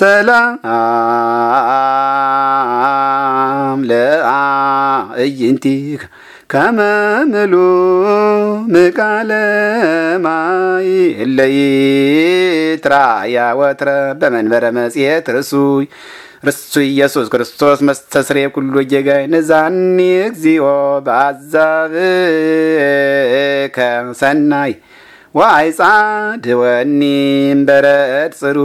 ሰላም ለአዕይንቲከ ከመ ምቃለ ማይ እለይትራያ ወትረ በመንበረ መጽሔት ርሱይ ርሱ ኢየሱስ ክርስቶስ መስተስሬ ኩሉ ጌጋይ ንዛኒ እግዚኦ በአዛብከ ሰናይ ወአይጻድወኒ እምበረድ ጽሩ